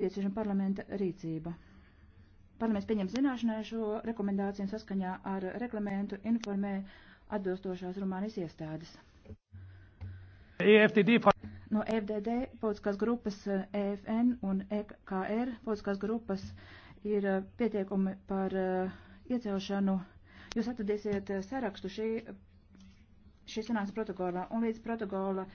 nepieciešama parlamenta rīcība. Parlaments pieņem zināšanai šo rekomendāciju saskaņā ar reglamentu informē atbilstošās Rumānijas iestādes. EFTD. No e FDD politiskās grupas EFN eh, e un EKR politiskās grupas ir eh, pieteikumi par eh, iecelšanu. Jūs atradīsiet sarakstu šī, šī sanāks protokolā un līdz protokola.